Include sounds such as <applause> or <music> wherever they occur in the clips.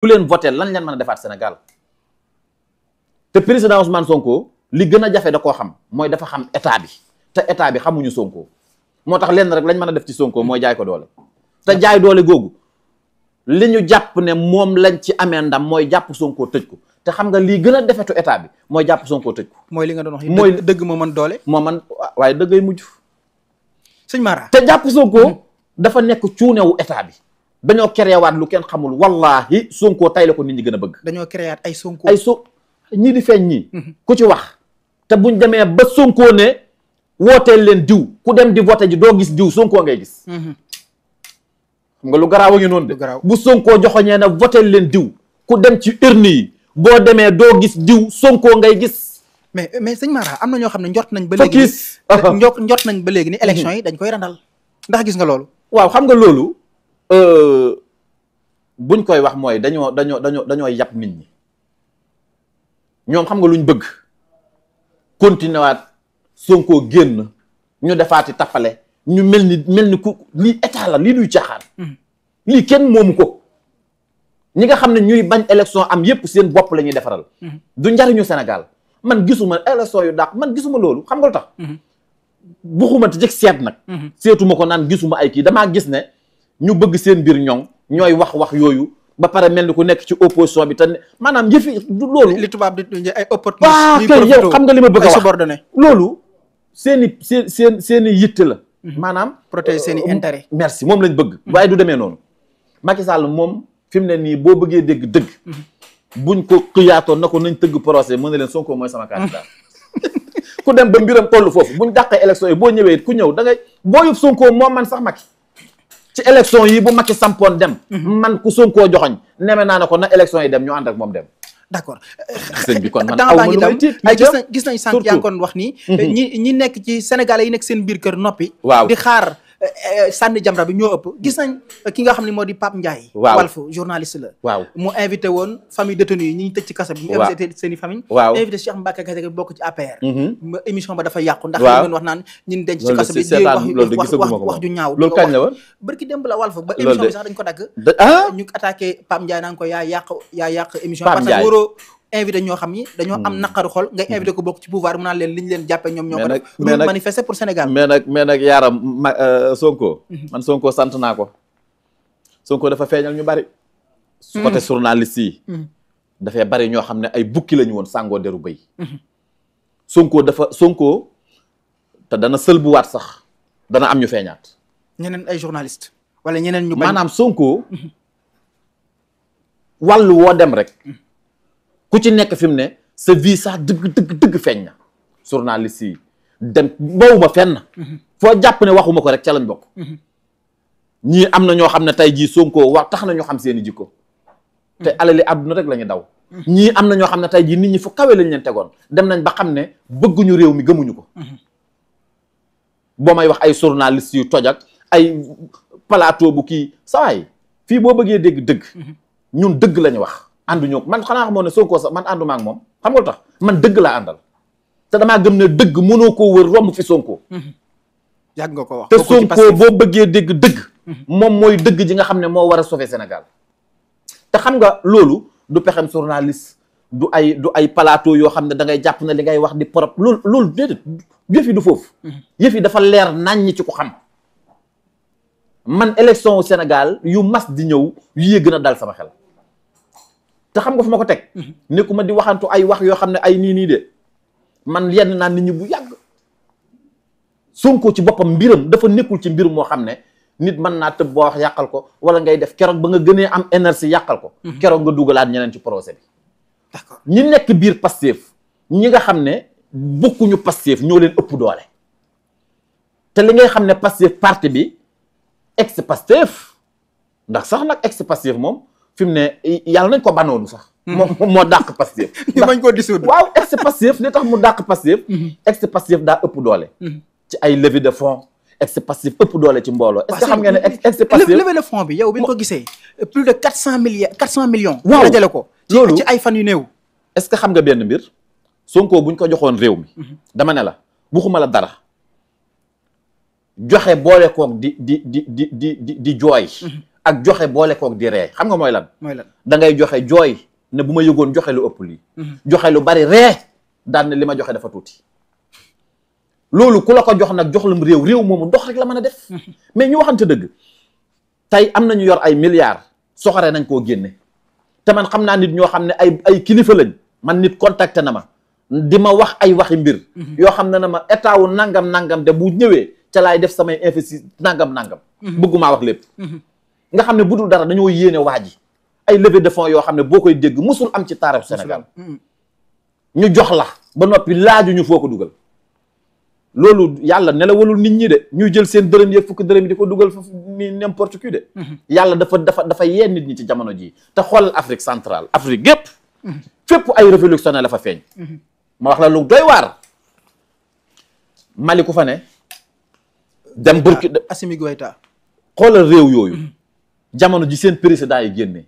ku leen voté lan leen mën a defaat Sénégal te président Ousmane Sonko li gën a jafe da koo xam mooy dafa xam état bi te état bi xamuñu Sonko moo tax lenn rek lañ mën a def ci Sonko mooy jaay ko doole te jaay doole googu li ñu jàpp ne moom lañ ci amee ndam mooy jàpp Sonko tëj ko te xam nga lii gën a defetu état bi mooy jàpp Sonko tëj ko. mooy li nga doon wax mooy dëgg moo mën doole. moo mën waaye dëggay mujj. sëñ te jàpp Sonko dafa nekk cuunewu état bi. dañoo créé waat lu kenn xamul wallahi Sonko tay la ko nit ñi gën a bëgg. dañoo créé ay Sonko so ñii di feeñ ñii. Mhm. ku ci wax te buñ demee ba Sonko ne wooteel leen diw ku dem di voté ji doo gis diw Sonko ngay gis. Mhm. xam nga lu garaaw a noonu de. bu Sonko joxoñee ne votel leen diw ku dem ci urne yi boo demee doo gis diw Sonko ngay gis. mais mais sëñ Mara am na ñoo xam ne njort nañ. ba léegi njort nañ ba léegi ni mhm. élection yi dañ koy randal ndax gis nga loolu. waaw xam nga loolu. Euh, buñ koy wax mooy dañoo dañoo dañoo dañoo yab nit ñi ñoom xam nga luñ bëgg continué waat Sonko génn ñu defaati tappale ñu mel ni mel ni ku lii état la lii duy caaxaan. Mm-hmm. lii kenn moomu ko. ñi nga xam ne ñuy bañ élection am yépp seen bopp la ñuy defaral. Mm-hmm. du njariñu senegal man gisuma élection yu dàq man gisuma loolu xam nga lu tax. Mm-hmm. buxuma te jëkk seet nag. seetuma ko naan gisuma ay kii damaa gis ne. ñu bëgg seen biir ñoŋ ñooy wax wax yooyu ba pare mel ni ku nekk ci opposition bi ta maanaam yëfi du loolu. li tubaab di ay opportuniste waaw yow xam nga li ma bëgg a wax loolu seen i seen seen seen i yitte la. Mhm. maanaam. protéger seen euh, i merci moom lañ bëgg. Mhm. waaye du demee noonu. Macky Sall moom fi mu ne nii boo bëggee dégg dëgg. Mhm. buñ ko xiyaatoon na ko nañ tëgg procès mën na leen Sonko mooy sama candidat. <laughs> ku dem ba mbiram toll foofu buñ dàqee élection yi boo ñëwee ku ñëw dangay booyub Sonko moom man sax Macky. ci élection yi bu Macky sampoon dem. Mhm. man ku ko joxoñ neme naa na ko na élection yi dem ñu ànd ak moom dem. d'accord sëñ bi kon man aw kon wax mhm. ñi ñi nekk ci sénégalais yi nekk seen biir kër noppi. waaw di xaar. Eh, eh, sànni jamra bi ñoo ëpp gis nañ eh, ki nga xam ne moo di Pape Ndiaye waaw Walfu journaliste la waaw mu invité woon famille détenus yi ñi ñu tëj ci kaso bi ñu invité seen i famille waaw invité Cheikh Mbacke Kassé bokk mm-hmm. émission ba dafa yàqu ndax ñu wax naan ñun denc ci kaso bi wax wax ju ñaaw loolu kañ la woon barki démb émission bi sax dañ ko dagg ah. ñu attaqué Pape Ndiaye naan ko yaa yàq yaa yàq émission parce que waroo invité ñoo xam ni dañoo am hmm. xol ngay hmm. invité ko bokk ci pouvoir mu naan leen li ñu leen jàppee ñoom ñoo ko def mais nag manifester pour Sénégal mais nag mais nag yaaram ma euh, Sonko hmm. man Sonko sant naa ko Sonko dafa feeñal ñu bari su côté journaliste yi dafay bari ñoo xam ne ay bukki lañu woon sàngoo deru béy Sonko dafa Sonko te dana sëlbuwaat sax dana am ñu feeñaat ñeneen ay journaliste wala ñeneen ñu maanaam Sonko wàllu woo dem rek ku ci nekk fi mu ne sa vie sax dëgg dëgg dëgg feeñ na journaliste lissi dem bawuma fenn foo jàpp ne waxuma ko rek ca lañ bokk ñii am na ñoo xam ne tey jii Sonko wax na ñu xam seeni jikko te alali àdduna rek la ñu daw ñii am na ñoo xam ne tey jii nit ñi fu kawee lañ leen tegoon dem nañ ba xam ne bëgguñu réew mi gëmuñu ko boo may wax ay journaliste yu toj ak ay plateau bu kii sawaay fii boo bëggee dégg dëgg ñun dëgg lañu wax ànduñu man xanaa xamoon ne Sonko sax man ànduma moom xam nga tax man dëgg laa àndal te damaa gëm ne dëgg mënoo koo wër romb fi Sonko. yàgg nga ko wax te Sonko boo bëggee dégg dëgg. Mhm. moom mooy dëgg ji nga xam ne moo war a sauver Sénégal. te xam nga loolu du pexem journaliste du ay du ay palaato yoo xam ne da ngay jàpp ne li ngay wax di prop loolu loolu déedéet yëf yi du foofu. Mhm. yëf yi dafa leer nañ ñi ci ko xam. man élection Sénégal yu mas di ñëw yu yee gën a dal sama xel. te xam nga fu ma ko teg mhm. nekkuma di waxantu ay wax yoo xam ne ay nii nii de man yenn naa nit ñi bu yàgg Sonko ci boppam mbiram dafa nekkul ci mbir moo xam ne nit mën naa tëb boo wax yàqal ko wala ngay def keroog ba nga gënee am énergie yàqal ko mhm. keroog nga dugalaat ñeneen ci projet bi d'accord ñi nekk biir Pastef ñi nga xam ne bokkuñu Pastef ñoo leen ëpp doole te li ngay xam ne Pastef parti bi ex Pastef ndax sax nag ex Pastef moom fi mu ne yàlla nañ ko banoon sax. Hmm. moo moo dàq Pastef. <laughs> ñu bañ koo dissoudre waaw ex Pastef li tax mu dàq Pastef. Hmm. ex Pastef daa ëpp doole. Hmm. ci ay levée de fonds. ex Pastef ëpp doole ci mbooloo. est-ce que xam ngeen ne ex Pastef levée de fonds bi yow bi ñu ko gisee. plus de quatre cent milliards quatre cent millions. waaw dajale ko loolu ci ay fan yu néew. est que xam nga benn mbir. Sonko buñ ko joxoon réew mi. dama ne la buxuma la dara. joxe boole koog di di di di di di jooy. ak joxe boole koog di ree xam nga mooy lan. mooy lan da joxe jooy ne bu ma yëgoon joxe lu ëpp lii. Mhm. joxe lu bari ree daan ne li ma joxe dafa tuuti. loolu ku la jox nag jox lam réew réew moomu dox rek la mën a def. Mhm. mais ñu waxante dëgg tey am nañu yor ay milliards soxare nañ koo génne te man xam naa nit ñoo xam ne ay ay kilifa lañ man nit contacté na ma. di ma wax ay waxi mbir. Mhm. yoo xam ne na ma état wu nangam nangam de bu ñëwee ca laay def samay investi nangam nangam. nga xam ne bu dul dara dañoo yéene waa ji ay levée de yoo xam ne boo koy dégg musul am ci taarab Sénégal ñu jox la ba noppi laaju ñu foo ko dugal loolu yàlla nelawalul nit ñi de ñu jël seen dërëm yëpp fukki dërëm yi di ko dugal foofu ni n'importe qui de mm-hmm. yàlla dafa dafa dafa yee nit ñi ci jamono jii te xoolal Afrique central Afrique gépp mm-hmm. fépp ay révolutionnaire la fa feeñ mm-hmm. ma wax la lu doy waar Mali ku fa ne dem Burkina Assimi Goïta xoolal réew yooyu jamono ji seen président yi génnee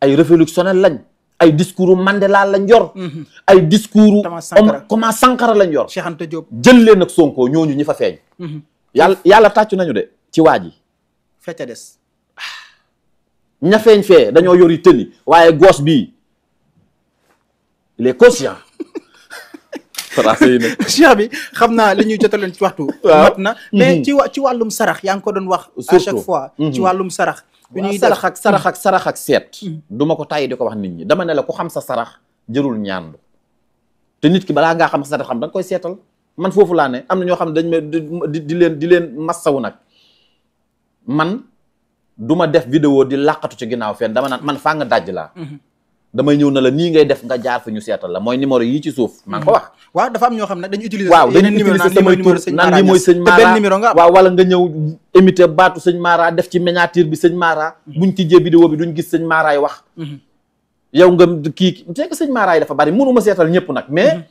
ay révolutionnaire lañ ay discours Mandela lañ yor. Mhm. ay discours. comment Sankara lañ yor. Cheikh Anta Diop jël leen ak Sonko ñooñu ñi fa feeñ. Mhm. yàlla yàlla tàccu nañu de ci waa ji. fecca des. ña feeñ fee dañoo yori tëni waaye gos bi il est sarax yi <laughs> bi xam naa li ñuy jotaleen ci waxtu na mhm. mais ci wàllum sarax yaa ngi ko doon wax à chaque fois mhm. wàllum sarax bu ñuy sarax ak sarax mhm. sarax ak seet du ma ko tàyyi di ko wax nit ñi dama ne la ku xam sa sarax jërul ñaandu te nit ki balaa ngaa xam sa sarax xam da koy seetal man foofu laa ne am na ñoo xam ne dañ di di leen di leen massawu nag man duma ma def vidéo di làqatu ci ginnaaw fenn dama naan man faa nga laa damay ñëw na la nii ngay def nga jaar fa ñu seetal la mooy numéro yi ci suuf mm-hmm. maa ngi ko wax waaw dafa am ñoo xam ne dañu utiliser waaw dañu utiliser samay tur naan lii mooy sëñ Mara numéro nga waaw wala nga ñëw émité baatu sëñ Mara def ci miniature bi sëñ Mara mm-hmm. buñ tijjee vidéo bi duñ gis sëñ Maraay wax mm-hmm. yow nga kii c'est que sëñ Maraay dafa bari mënuma seetal ñëpp nag mais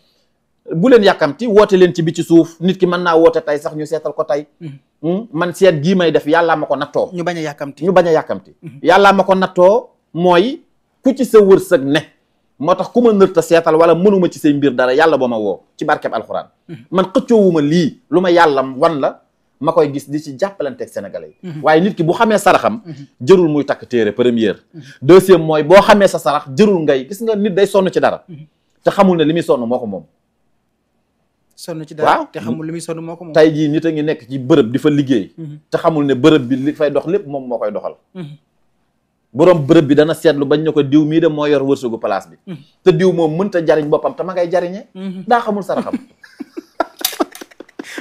bu leen yàkkamti woote leen ci bi ci suuf nit ki mën naa woote tey sax ñu seetal ko tey hmm? man seet gii may def yàllaa ma ko nattoo ñu bañ a yàkkamti ñu bañ a yàkkamti yàllaa ma ko nattoo mooy ku ci sa wërsëg ne moo tax ku ma nërta seetal wala mënuma ci say mbir dara yàlla boo ma woo ci barkeb alxuraan mhm. man xëccoowuma lii lu ma yàlla wan la ma koy gis di ci jàppalanteeg sénégalais yi mhm. waaye nit ki bu xamee saraxam mhm. jërul muy takk téere première deuxième mooy boo xamee sa sarax jërul ngay gis nga nit day sonn ci dara te xamul ne li muy sonn moo ko moom sonn ci dara te xamul li muy sonn moo tey jii nit a ngi nekk ci bërëb di fa liggéey te xamul ne bërëb bi li fay dox lépp moom moo koy doxal borom bërëb bi dana seetlu bañ ne ko diw mii de moo yor wërsëgu place bi mm. te diw moom mënta jariñ boppam te ma ngay jariñe mm-hmm. daa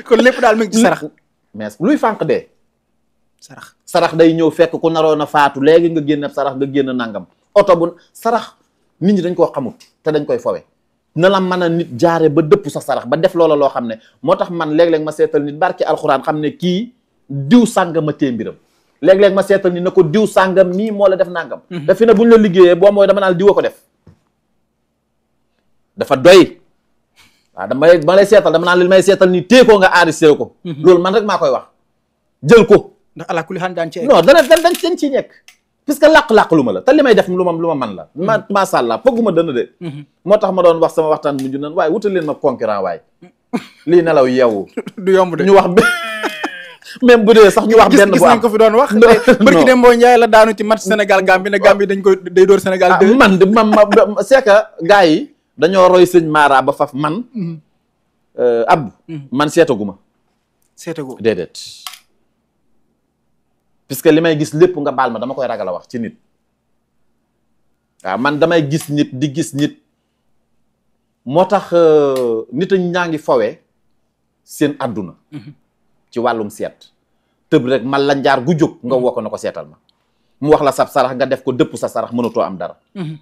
<laughs> lépp daal mu ngi mais luy fànq dee sarax sarax day ñëw fekk ku naroon a faatu léegi nga génn sarax nga génn nangam oto bu sarax nit ñi dañ koo xamut te dañ koy fowe na la mën a nit jaare ba dëpp sa sarax ba def loola loo xam ne moo tax man léeg-léeg ma seetal nit barki alxuraan xam ne kii diw sàngama tée mbiram léeg-léeg ma seetal nii na ko diw sàngam mii moo la def nàngam daf mhm. fi ne bu ñu la liggéeyee boo mooy dama naan diw a ko def dafa doy waaw dama lay dama seetal dama naan li may seetal ni téye ko nga enregistré ko mhm. loolu man rek maa koy wax jël ko ndax ala kulli xaan daan ci non dana dan dañ dañ ciy nekk puisque làq-làq lu ma la ta li may def lu ma lu ma man la mhm. ma macha allah pëgguma dënn de moo tax ma doon wax sama waxtaan mujj nan waaye wutal leen ma concurrent waaye <laughs> lii nelaw yeewu <laughs> du yomb de ñu wax <laughs> même bu dee sax ñu wax benn bu am fi doon wax. <laughs> Eh, barki dem boo Njaay la daanu ci match Sénégal Gambie ne Gambie dañ koy day door Sénégal. ah man de man ma c'est que gars dañoo roy sëñ Mara ba faf man. Mm-hmm. Euh, Abdou. Mm-hmm. man seetagu ma. seetagu li may gis lépp nga baal ma dama koy ragal a wax ci nit. waaw man damay gis nit di gis nit. moo tax euh, nit ñaa ngi fawee seen àdduna. Mm-hmm. ci wàllum seet tëb rek man la njaar gu jóg nga woo ko na ko seetal ma mu wax la sab sarax nga def ko dëpp sa sarax mënatoo am dara mhm.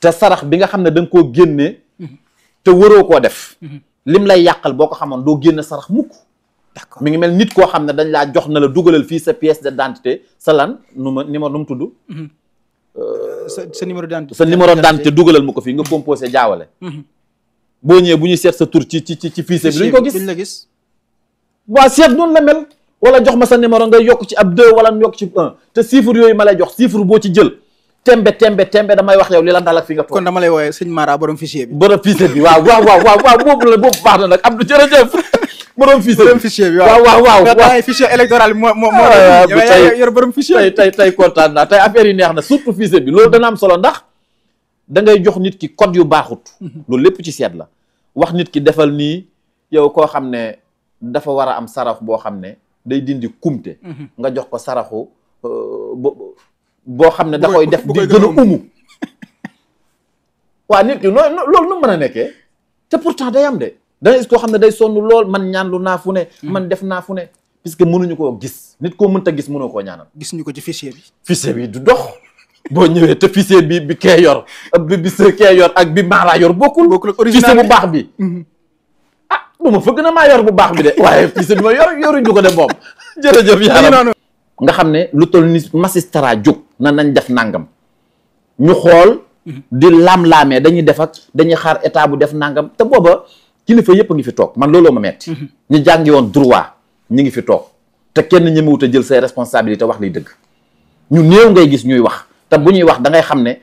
te sarax bi nga xam ne danga ko koo mhm. te waroo ko def mhm. lim lay yàqal boo ko xamoon doo génne sarax mukk d'accord mi ngi mel nit koo xam ne dañ laa jox na la dugalal fii sa pièce d'identité sa lan nu ma numéro nu mu tudd euh, sa numéro d'identité sa numéro d'identité dugalal ma ko fii nga composé jaawale boo ñëwee bu ñuy seet sa tur ci ci ci fichier bi duñ ko gis waa seet noonu la mel wala jox ma sa numéro nga yokk ci ab deux wala mu yokk ci un te chiffre yooyu ma lay jox chiffre boo ci jël tembe tembe tembe damay wax yow li la dal ak fi nga toog. kon dama lay woowee sëñ Mara borom fichier bi. borom fichier bi waaw waaw waaw waaw boobu la boobu baax na nag Abdou jërëjëf. borom fichier borom fichier bi waaw waaw tey tey na naa tey affaire yi neex na surtout fichier bi loolu dana am solo ndax da ngay jox nit ki code yu baaxut. Mhm. loolu lépp ci seet la wax nit ki defal nii yow koo xam ne dafa war a am sarax boo xam ne day dindi kumte. Mhm. nga jox ko saraxu euh, boo xam ne da koy def di gën a umu <laughs> waa nit ki noonu loolu nu mën a nekkee te pourtant day am de danga gis koo xam ne day sonn lool man ñaan lu naa fu ne mhm. man def naa fu ne puisque mënuñu koo gis nit koo mënta gis mënoo koo ñaanal gis ñu ko ci fichier bi fichier bi du dox boo ñëwee te fichier bi bi kee yor bi bi sa ak bi maara yor bokkul fichier bu baax bi mhm. bu ma fëgg na maa yor bu baax bi de waaye <laughs> fii si ma yor yoruñu ko de moom <laughs> jërëjëf yàlla nga xam ne lu toll ni magistrat jóg na nañ def nangam ñu xool di laam-laamee dañuy def dañuy xaar état bu def nangam te booba kilifa yëpp a ngi fi toog man looloo ma metti mhm. ñu jàngi woon droit ñi ngi fi toog te kenn ñemewut a jël say responsabilité wax liy dëgg ñu néew ngay gis ñuy wax te bu ñuy wax da xam ne